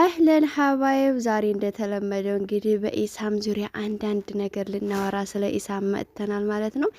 አህለን ሀባይብ ዛሬ እንደተለመደው እንግዲህ በኢሳም ዙሪያ አንዳንድ ነገር ልናወራ ስለ ኢሳም መጥተናል ማለት ነው።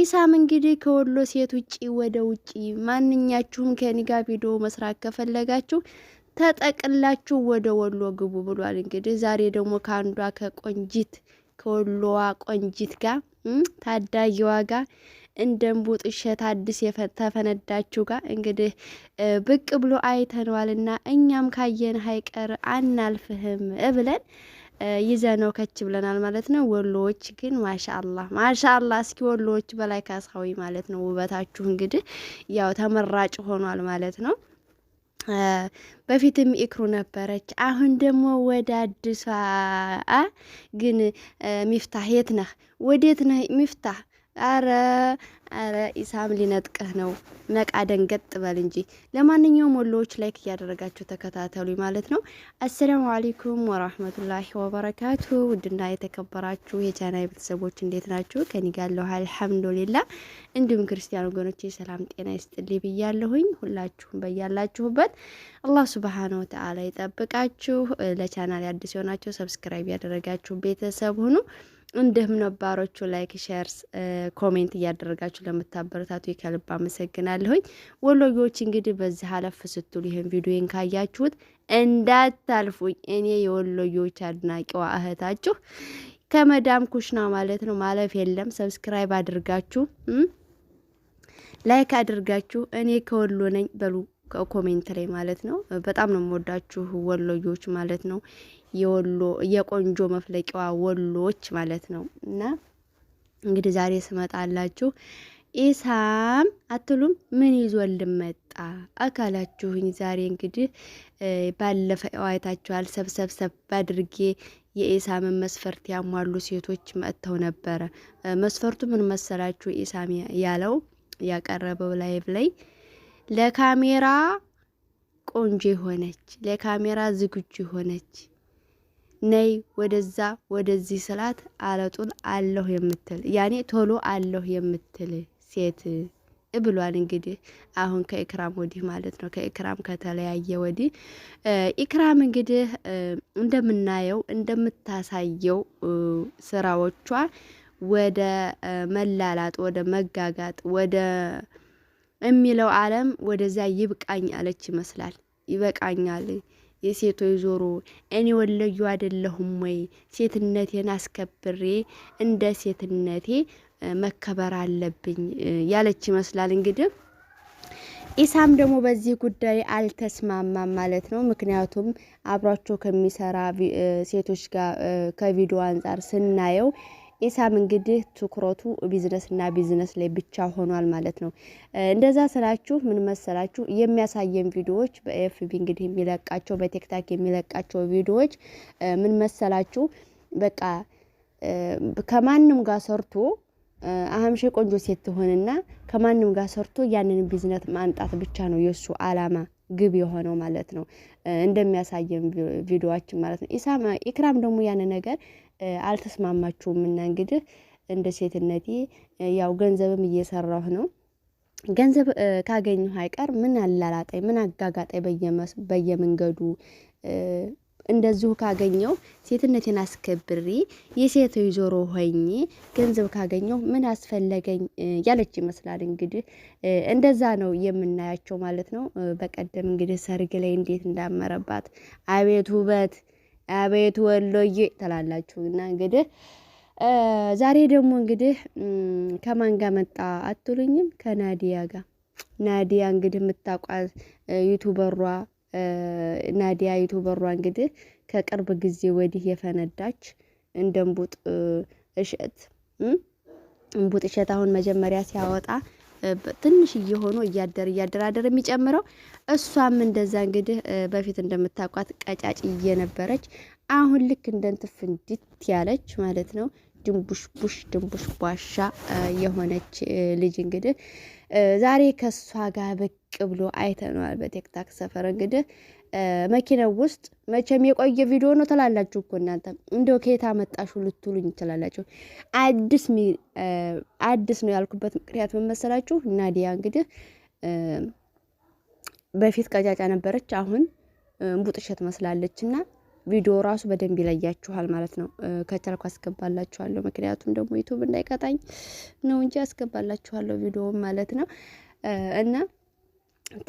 ኢሳም እንግዲህ ከወሎ ሴት ውጪ ወደ ውጪ ማንኛችሁም ከኒጋ ቪዲዮ መስራት ከፈለጋችሁ ተጠቅላችሁ ወደ ወሎ ግቡ ብሏል። እንግዲህ ዛሬ ደግሞ ከአንዷ ከቆንጂት ከወሎዋ ቆንጂት ጋር ታዳጊዋ ጋር እንደ እምቡጥ እሸት አዲስ ተፈነዳችው ጋር እንግዲህ ብቅ ብሎ አይተነዋልና እኛም ካየን ሀይቀር አናልፍህም ብለን ይዘ ነው ከች ብለናል ማለት ነው። ወሎዎች ግን ማሻአላ ማሻአላ፣ እስኪ ወሎዎች በላይ ካሳዊ ማለት ነው። ውበታችሁ እንግዲህ ያው ተመራጭ ሆኗል ማለት ነው። በፊትም ኢክሩ ነበረች፣ አሁን ደግሞ ወደ አዲሷ ግን ሚፍታህ የት ነህ? ወዴት ነህ ሚፍታህ አረ አረ ኢሳም ሊነጥቅህ ነው። ነቃ ደንገጥ በል እንጂ። ለማንኛውም ወሎዎች ላይክ እያደረጋችሁ ተከታተሉ ማለት ነው። አሰላሙ አለይኩም ወራህመቱላሂ ወበረካቱ። ውድና የተከበራችሁ የቻናይ ቤተሰቦች እንዴት ናችሁ? ከኔ ጋር ያለው አልሐምዱሊላ። እንዲሁም ክርስቲያን ወገኖች ሰላም ጤና ይስጥልኝ ብያለሁኝ። ሁላችሁም በያላችሁበት አላህ ሱብሃነ ወተዓላ ይጠብቃችሁ። ለቻናል አዲስ የሆናችሁ ሰብስክራይብ ያደረጋችሁ ቤተሰብ ሁኑ። እንዲሁም ነባሮቹ ላይክ፣ ሼር፣ ኮሜንት እያደረጋችሁ ለምታበረታቱ ከልብ አመሰግናለሁኝ። ወሎጌዎች እንግዲህ በዚህ አለፍ ስትሉ ይህን ቪዲዮን ካያችሁት እንዳታልፉኝ። እኔ የወሎጌዎች አድናቂዋ እህታችሁ ከመዳም ኩሽና ማለት ነው። ማለፍ የለም። ሰብስክራይብ አድርጋችሁ ላይክ አድርጋችሁ እኔ ከወሎ ነኝ በሉ ኮሜንት ላይ ማለት ነው። በጣም ነው የምወዳችሁ ወሎጌዎች ማለት ነው። የወሎ የቆንጆ መፍለቂያዋ ወሎች ማለት ነው። እና እንግዲህ ዛሬ ስመጣላችሁ ኢሳም አትሉም? ምን ይዞልን መጣ አካላችሁኝ። ዛሬ እንግዲህ ባለፈ አይታችኋል። ሰብሰብሰብ አድርጌ የኢሳምን መስፈርት ያሟሉ ሴቶች መጥተው ነበረ። መስፈርቱ ምን መሰላችሁ? ኢሳም ያለው ያቀረበው ላይቭ ላይ ለካሜራ ቆንጆ የሆነች ለካሜራ ዝግጁ የሆነች ነይ ወደዛ ወደዚህ ስላት አለጡን አለሁ የምትል ያኔ ቶሎ አለሁ የምትል ሴት ብሏል። እንግዲህ አሁን ከኢክራም ወዲህ ማለት ነው። ከኢክራም ከተለያየ ወዲህ ኢክራም እንግዲህ እንደምናየው እንደምታሳየው ስራዎቿ ወደ መላላጥ፣ ወደ መጋጋጥ፣ ወደ የሚለው ዓለም ወደዚያ ይብቃኝ አለች ይመስላል። ይበቃኛል የሴቶች ዞሮ እኔ ወለዩ አይደለሁም ወይ? ሴትነቴን አስከብሬ እንደ ሴትነቴ መከበር አለብኝ ያለች ይመስላል እንግዲህ ኢሳም ደግሞ በዚህ ጉዳይ አልተስማማም ማለት ነው። ምክንያቱም አብሯቸው ከሚሰራ ሴቶች ጋር ከቪዲዮ አንጻር ስናየው ኢሳም እንግዲህ ትኩረቱ ቢዝነስና ቢዝነስ ላይ ብቻ ሆኗል ማለት ነው። እንደዛ ስላችሁ ምን መሰላችሁ የሚያሳየን ቪዲዮዎች በኤፍቢ እንግዲህ የሚለቃቸው በቲክታክ የሚለቃቸው ቪዲዮዎች ምን መሰላችሁ በቃ ከማንም ጋር ሰርቶ አህምሼ ቆንጆ ሴት ትሆንና ከማንም ጋር ሰርቶ ያንን ቢዝነት ማንጣት ብቻ ነው የእሱ አላማ ግብ የሆነው ማለት ነው፣ እንደሚያሳየም ቪዲዮችን ማለት ነው። ኢሳም ኢክራም ደግሞ ያን ነገር አልተስማማችሁም እና እንግዲህ እንደ ሴትነቴ ያው ገንዘብም እየሰራሁ ነው ገንዘብ ካገኘሁ አይቀር ምን አላላጠኝ ምን አጋጋጠኝ በየመንገዱ እንደዚሁ ካገኘው ሴትነቴን አስከብሬ የሴት ጆሮ ሆኜ ገንዘብ ካገኘው ምን አስፈለገኝ ያለች ይመስላል። እንግዲህ እንደዛ ነው የምናያቸው ማለት ነው። በቀደም እንግዲህ ሰርግ ላይ እንዴት እንዳመረባት አቤት ውበት፣ አቤት ወሎዬ ትላላችሁ እና እንግዲህ ዛሬ ደግሞ እንግዲህ ከማን ጋር መጣ አትሉኝም? ከናዲያ ጋር ናዲያ እንግዲህ የምታውቋት ዩቱበሯ ናዲያ ዩቱበሯ እንግዲህ ከቅርብ ጊዜ ወዲህ የፈነዳች እንደ እሸት እንቡጥ እሸት አሁን መጀመሪያ ሲያወጣ ትንሽ እየሆኑ እያደር እያደራደር የሚጨምረው እሷም እንደዛ እንግዲህ በፊት እንደምታውቋት ቀጫጭ እየነበረች አሁን ልክ እንደንትፍ እንዲት ያለች ማለት ነው ድንቡሽቡሽ ድንቡሽ ቧሻ የሆነች ልጅ እንግዲህ ዛሬ ከእሷ ጋር ብቅ ብሎ አይተነዋል። በቴክታክ ሰፈር እንግዲህ መኪናው ውስጥ መቼም የቆየ ቪዲዮ ነው ትላላችሁ እኮ እናንተ እንዲያው ከየት መጣሹ ልትሉኝ ይችላላችሁ። አዲስ አዲስ ነው ያልኩበት ምክንያት መመሰላችሁ ናዲያ እንግዲህ በፊት ቀጫጫ ነበረች፣ አሁን ቡጥሸት መስላለች እና ቪዲዮ ራሱ በደንብ ይለያችኋል ማለት ነው። ከቻልኩ አስገባላችኋለሁ። ምክንያቱም ደግሞ ዩቱብ እንዳይቀጣኝ ነው እንጂ አስገባላችኋለሁ ቪዲዮውን ማለት ነው። እና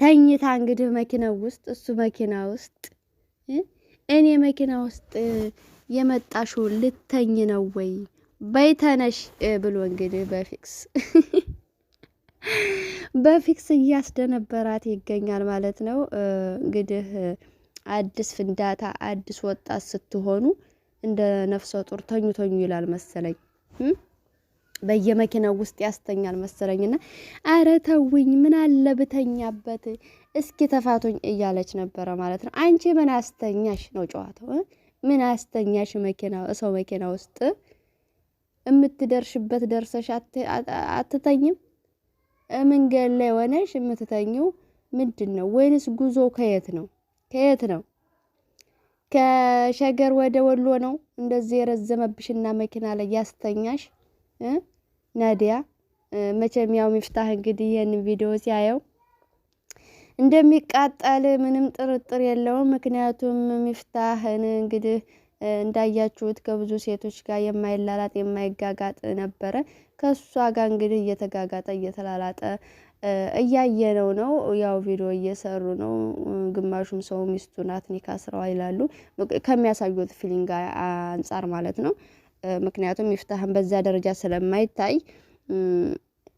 ተኝታ እንግዲህ መኪና ውስጥ እሱ መኪና ውስጥ እኔ መኪና ውስጥ የመጣሹ ልተኝ ነው ወይ በይተነሽ ብሎ እንግዲህ በፊክስ በፊክስ እያስደነበራት ይገኛል ማለት ነው እንግዲህ አዲስ ፍንዳታ አዲስ ወጣት ስትሆኑ እንደ ነፍሰ ጡር ተኙ ተኙ ይላል መሰለኝ። በየመኪናው ውስጥ ያስተኛል መሰለኝና አረ ተውኝ፣ ምን አለ ብተኛበት፣ እስኪ ተፋቶኝ እያለች ነበረ ማለት ነው። አንቺ ምን አስተኛሽ ነው ጨዋታው። ምን አስተኛሽ መኪና ሰው መኪና ውስጥ የምትደርሽበት ደርሰሽ አትተኝም? መንገድ ላይ ሆነሽ የምትተኘው ምንድን ነው? ወይንስ ጉዞ ከየት ነው? ከየት ነው? ከሸገር ወደ ወሎ ነው እንደዚህ የረዘመብሽና መኪና ላይ ያስተኛሽ ናዲያ። መቼም ያው ሚፍታህ እንግዲህ ይህንን ቪዲዮ ሲያየው እንደሚቃጠል ምንም ጥርጥር የለውም። ምክንያቱም ሚፍታህን እንግዲህ እንዳያችሁት ከብዙ ሴቶች ጋር የማይላላጥ የማይጋጋጥ ነበረ። ከእሷ ጋር እንግዲህ እየተጋጋጠ እየተላላጠ እያየነው ነው። ያው ቪዲዮ እየሰሩ ነው። ግማሹም ሰው ሚስቱ ናት ኒካ ስራዋ ይላሉ ከሚያሳዩት ፊሊንግ አንጻር ማለት ነው። ምክንያቱም ይፍታህን በዛ ደረጃ ስለማይታይ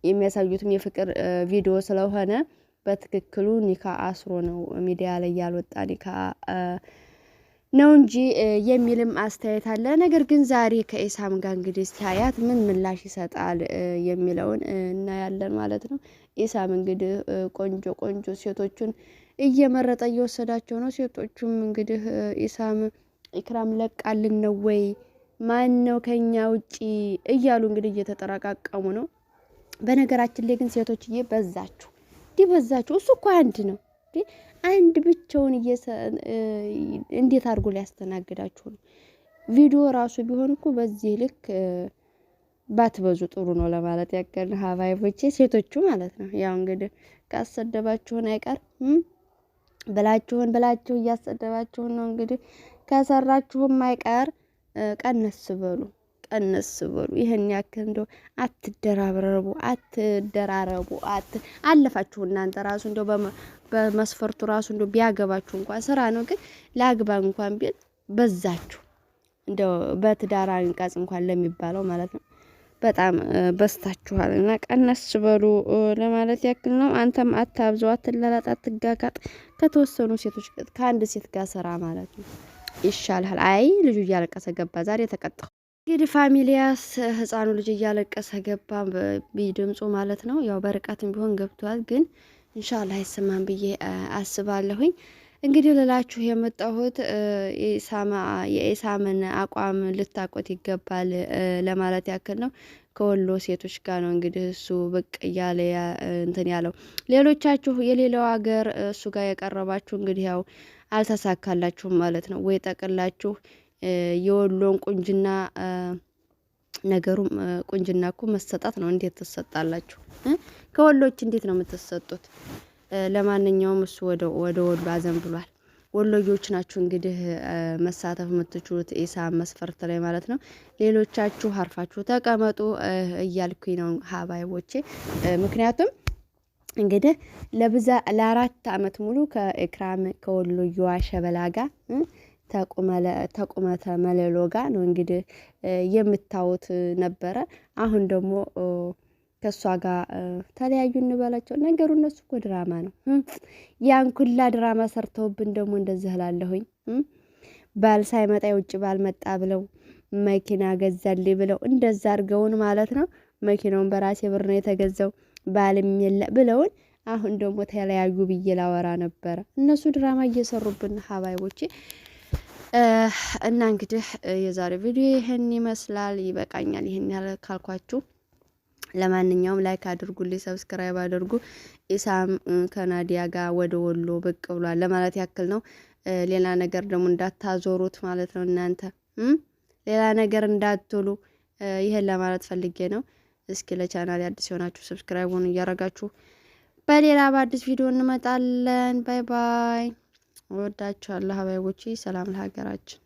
የሚያሳዩትም የፍቅር ቪዲዮ ስለሆነ በትክክሉ ኒካ አስሮ ነው ሚዲያ ላይ ያልወጣ ኒካ ነው እንጂ የሚልም አስተያየት አለ። ነገር ግን ዛሬ ከኢሳም ጋር እንግዲህ እስቲ ምን ምላሽ ይሰጣል የሚለውን እናያለን ማለት ነው። ኢሳም እንግዲህ ቆንጆ ቆንጆ ሴቶቹን እየመረጠ እየወሰዳቸው ነው። ሴቶቹም እንግዲህ ኢሳም ኢክራም ለቃልን ነው ወይ ማን ነው ከኛ ውጪ እያሉ እንግዲህ እየተጠረቃቀሙ ነው። በነገራችን ላይ ግን ሴቶችዬ በዛችሁ እንዲህ በዛችሁ። እሱ እኮ አንድ ነው። አንድ ብቻውን እንዴት አድርጎ ሊያስተናግዳችሁ ነው? ቪዲዮ ራሱ ቢሆን እኮ በዚህ ልክ ባትበዙ ጥሩ ነው ለማለት ያገል ሀቫይቦቼ ሴቶቹ ማለት ነው። ያው እንግዲህ ካሰደባችሁን አይቀር ብላችሁን ብላችሁ እያሰደባችሁን ነው እንግዲህ ከሰራችሁም አይቀር ቀነስ በሉ ቀነስ በሉ። ይህን ያክል እንደው አትደራረቡ አትደራረቡ። አለፋችሁ እናንተ ራሱ እንደው በመስፈርቱ ራሱ እንደው ቢያገባችሁ እንኳን ስራ ነው፣ ግን ለአግባ እንኳን ቢል በዛችሁ እንደው በትዳር አንቀጽ እንኳን ለሚባለው ማለት ነው በጣም በስታችኋል እና ቀነስ በሉ ለማለት ያክል ነው። አንተም አታብዘው፣ አትላላጥ፣ አትጋጋጥ። ከተወሰኑ ሴቶች ከአንድ ሴት ጋር ስራ ማለት ነው ይሻልሃል። አይ ልጁ እያለቀሰ ገባ ዛሬ ተቀጥ እንግዲህ ፋሚሊያስ ህፃኑ ልጅ እያለቀሰ ገባ ድምፁ ማለት ነው። ያው በርቀትም ቢሆን ገብቷል፣ ግን እንሻላ አይሰማም ብዬ አስባለሁኝ። እንግዲህ ልላችሁ የመጣሁት የኢሳምን አቋም ልታቆት ይገባል ለማለት ያክል ነው። ከወሎ ሴቶች ጋር ነው እንግዲህ እሱ ብቅ እያለ እንትን ያለው። ሌሎቻችሁ የሌላው ሀገር እሱ ጋር የቀረባችሁ እንግዲህ ያው አልተሳካላችሁም ማለት ነው። ወይ ጠቅላችሁ የወሎን ቁንጅና ነገሩም ቁንጅና እኮ መሰጣት ነው። እንዴት ትሰጣላችሁ? ከወሎች እንዴት ነው የምትሰጡት? ለማንኛውም እሱ ወደ ወሎ አዘንብሏል። ወሎጌዎች ናችሁ እንግዲህ መሳተፍ የምትችሉት ኢሳ መስፈርት ላይ ማለት ነው። ሌሎቻችሁ አርፋችሁ ተቀመጡ እያልኩኝ ነው ሀባይቦቼ። ምክንያቱም እንግዲህ ለብዛ ለአራት አመት ሙሉ ከኢክራም ከወሎየዋ ሸበላ ጋር ተቁመተ መለሎ ጋር ነው እንግዲህ የምታዩት ነበረ። አሁን ደግሞ ከእሷ ጋር ተለያዩ እንበላቸው ነገሩ እነሱ እኮ ድራማ ነው። ያን ኩላ ድራማ ሰርተውብን ደግሞ እንደዚህ እላለሁኝ። ባል ሳይመጣ የውጭ ባል መጣ ብለው መኪና ገዛልኝ ብለው እንደዛ አድርገውን ማለት ነው። መኪናውን በራሴ ብር ነው የተገዛው ባልም የለ ብለውን አሁን ደግሞ ተለያዩ ብዬ ላወራ ነበረ። እነሱ ድራማ እየሰሩብን ሀባይቦቼ። እና እንግዲህ የዛሬ ቪዲዮ ይህን ይመስላል። ይበቃኛል። ይህን ያህል ካልኳችሁ ለማንኛውም ላይክ አድርጉልኝ፣ ሰብስክራይብ አድርጉ። ኢሳም ከናዲያ ጋር ወደ ወሎ ብቅ ብሏል ለማለት ያክል ነው። ሌላ ነገር ደግሞ እንዳታዞሩት ማለት ነው። እናንተ ሌላ ነገር እንዳትሉ ይህን ለማለት ፈልጌ ነው። እስኪ ለቻናል አዲስ የሆናችሁ ሰብስክራይቡን እያረጋችሁ በሌላ በአዲስ ቪዲዮ እንመጣለን። ባይ ባይ። ወዳችኋለሁ ሀባይቦቼ። ሰላም ለሀገራችን።